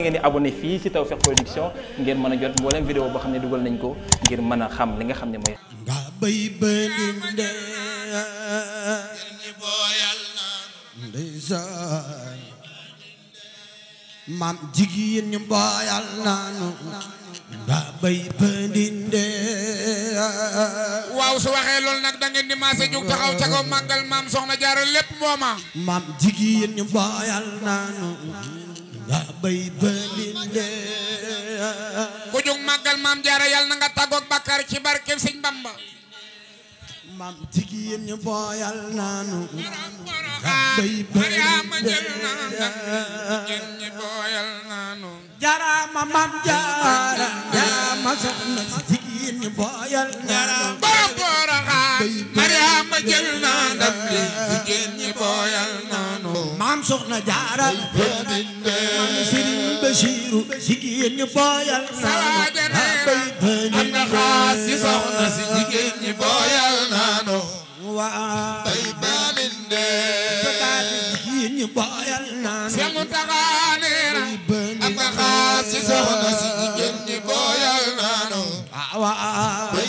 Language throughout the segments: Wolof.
ngeen di abonné fii ci Tawfekh Production ngeen mën a jot mboolem vidéo boo xam ne dugal nañ ko ngir mën a xam li nga xam ne mooy nga bay balinde ñi booyal naan ndeysaan maam jigéen ñu booyal naanu nga waaw su waxee loolu nag da ngeen di maase jug taxaw ca màggal maam soxna jaaral lépp mooma maam jigéen ñu booyal naanu ku jug màggal maam jaara yal na nga tàggoog bàkkaar ci barkeb sëñ Bamba maam jigéen ñu booyal naanu bay Mariama jël naanu jigéen ñu booyal naanu jaraama maam jaara jaraama soxna jigéen ñu booyal naanu borom boroxaan Mariama jël naanu soxna jaara mami Serigne Bachiru jigéen ñi booyal naanu bay bëni am na xaas si soxna si jigéen ñi naanu waa bay bënin de sokaati jigéen ñi booyal naanu si mu taxaaneera am na xaas si soxna si jigéen ñi booyal naanu waa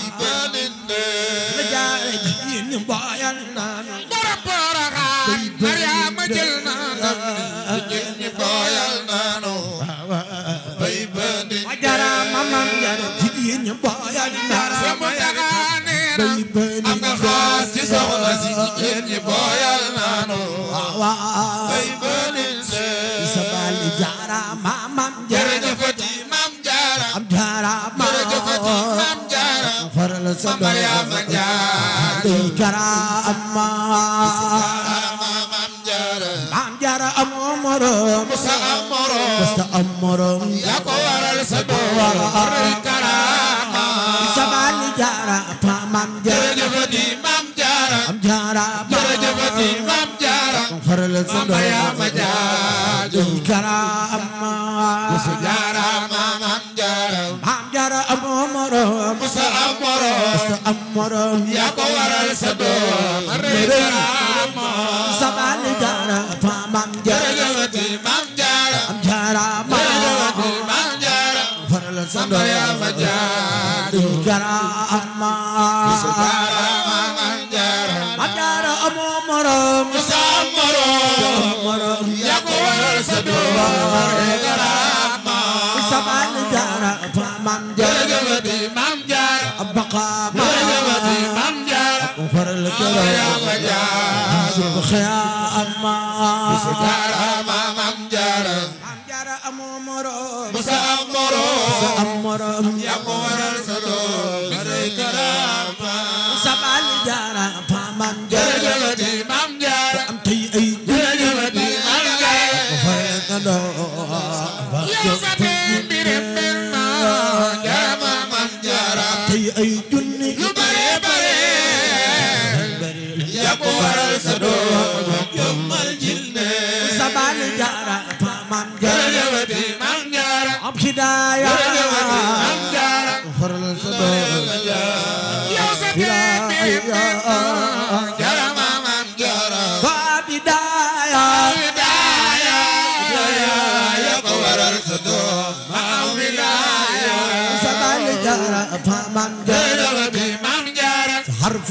Maria Manjara, Maria Manjara, moroom musa am moroom musa am moroom yaa ko waral sa doom waral karaama sama ni jaara pa mam jaara jërëjëf di mam jaara am jaara jërëjëf di mam jaara faral sa doom mama yaa ma jaaju karaama musa jaara mam jaara mam jaara am moroom musa am moroom musa am moroom yaa ko waral sa doom waral karaama sa am moroom sa am moroom yaa ko waral sa ay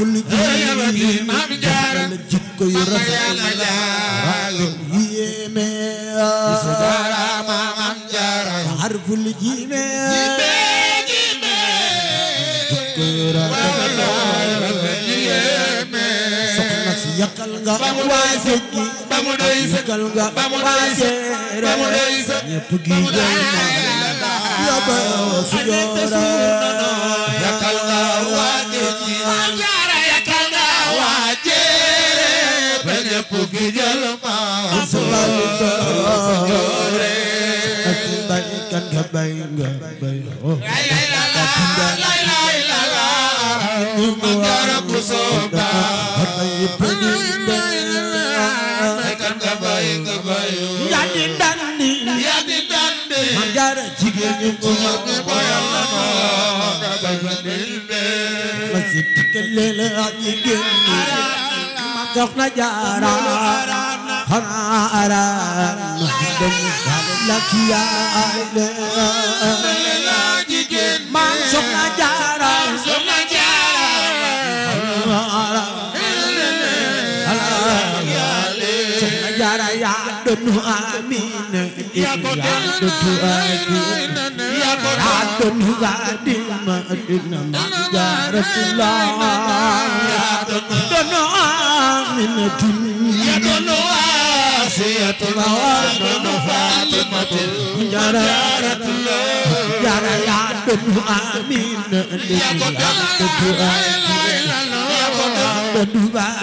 fulli ji maam jaara jikko yu rafet yi yéeme bisbara maam jaara har fulli ji me jime jikko yu rafet yi yéeme soxna si yàqal nga waase gi bamu doy sa yàqal nga waase bamu doy sa ñëpp gi joy na yaba su joora Let's get a little soxna jaara xanaa araam la kiyaay leen maam soxna jaara jara ya donu amin ya ko donu amin ya ko donu gadim madina ya rasulullah ya donu amin ya donu asiyatun wa donu fatimatul jara rasulullah jara ya donu amin ya ko donu amin Bala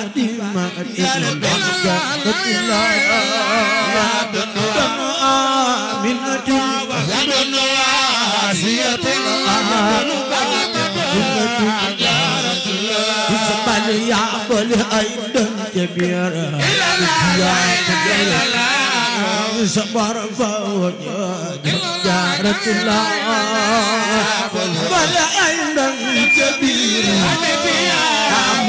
ay ndam ca biir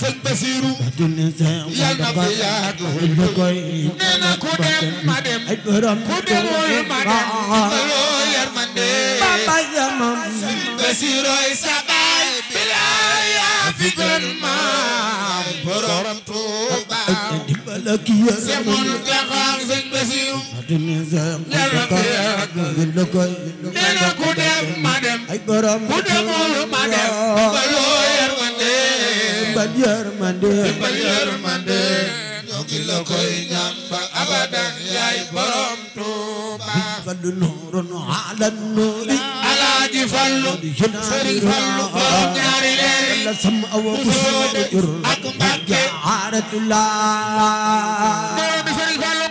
sëñ Basiru yal na fi yàgg nee na ku dem ma dem ku demul ma dem loo yërmande sëñ Basiroy sa baay bilaay yaa fi gën maam borom Tuuba semul nga xam sëñ Basiru yal na fi yàgg nee na ku dem ma dem ku demul ma dem jëmbal yërmande jëmbal yërmande ñoo ngi la koy ñaan ba abadan yaay borom Tuuba fallu nuurun ala nuuri alaaji fallu sëriñ fallu borom ñaari leer la sam aw bu jur ak mbàkke aaratullah alaaji fallu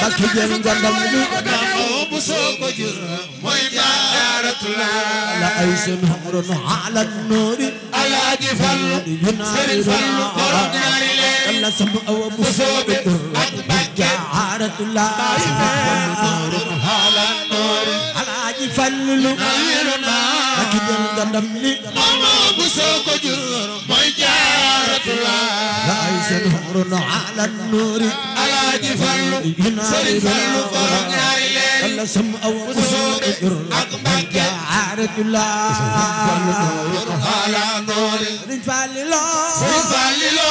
bakki jël ngandam li bu soo ko jur mooy daaratullah la ay seen xamron ala noori alaaji fallu sëriñ fallu borom ñaari leer la sam awa bu soo bi dur ak bàkke daaratullah ala noori alaaji fallu lu ak jël gandam li mama bu soo ko jur mooy daaratullah la ay seen xamron ala noori alaaji fallu sëriñ fallu borom ñaari leer la sam aw ujur ak mbàkke aratullah ala noori Sëriñ Fallilu Sëriñ Fallilu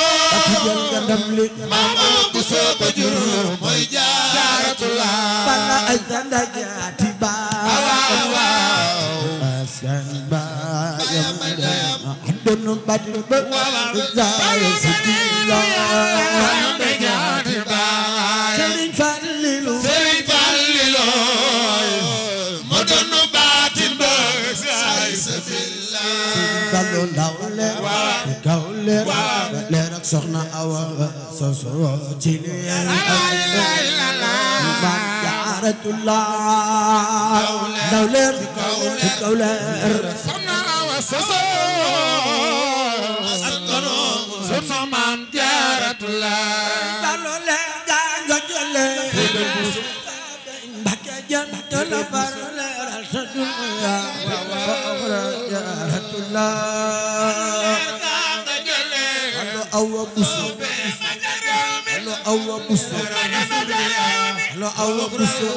jël nga ndam li mama bu soob ujur mooy jaaratullah bala ay danda jaati ba asan ba yam dem adonu badin ba zaay sidillah lu ndaw leen lu kaw leen leen ak soxna awa sosoo ci lu yàlla Rasulullah dawler dawler sonna wa soso askono sonna man jaratullah dalole jango jole bakke jantol barle Rasulullah الله الله أو بسم الله أو بسم الله أو بسم الله أو بسم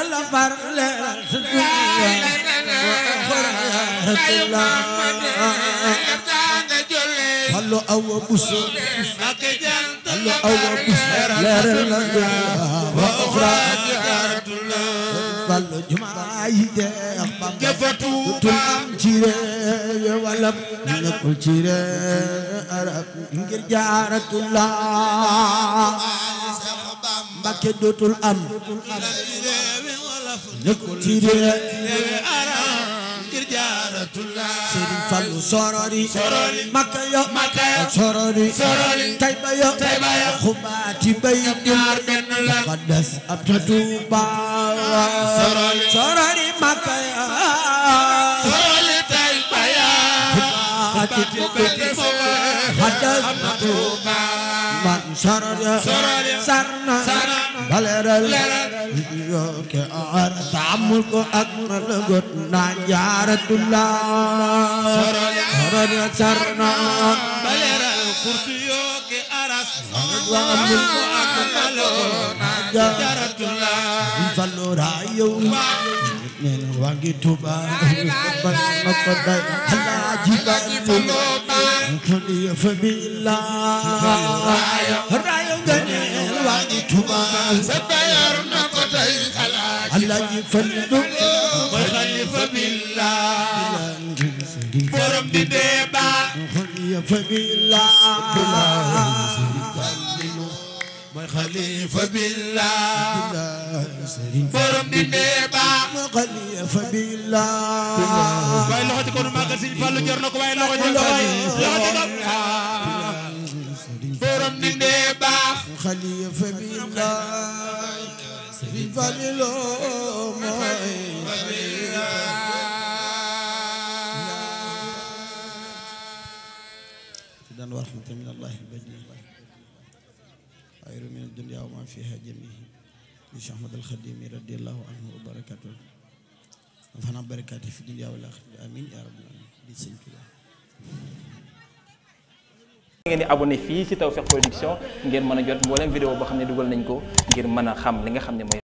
الله أو بسم الله وأخرى jumaa yi jeex ba jëfatuubaam ci réew wala nekkul ci réew arab ngir jaaratullah Mbàkke dootul am nekkul ci réew Serigne Fallou sorori sorori Makka yo Makka yo sorori sorori Tayba yo Tayba yo xubaati bay ñaar benn la ko des ab ta Tuuba sorori sorori Makka yo sorori Tayba yo xubaati bay ñaar benn la ko des ab ta Tuuba سرد سرنا بلرل يوك أعر تعملك أكمل قد نجارة الله سرد سرنا بلرل كرسي يوك أرس تعملك أكمل نجارة الله فلو رأيو من وانجي توبا بس مقدر الله جبال tuli famila rayo ganel wañi tuma sabayor na ko tay xalaat alaji falilu ko khalifa waxati ko nu màggal Sëriñ Fallu jar na ko waaye loxo jël ko waaye waxati ko borom ni ne baax xalifa bi la Sëriñ Fallu loo mooy dan wa rahmata min allahi albadi xayru min addunia wa ma fiha jamihi li Ahmad alxadimi radiallahu anhu wa barakatuh afana barakaati fi dunya wal aaxira amin yaa rabbal aalamiin di sëñ Tuuba ngeen di fii ci Tawfekh Production ngeen mën a jot mboolem vidéo boo xam ne dugal nañ ko ngir mën a xam li nga xam ne mooy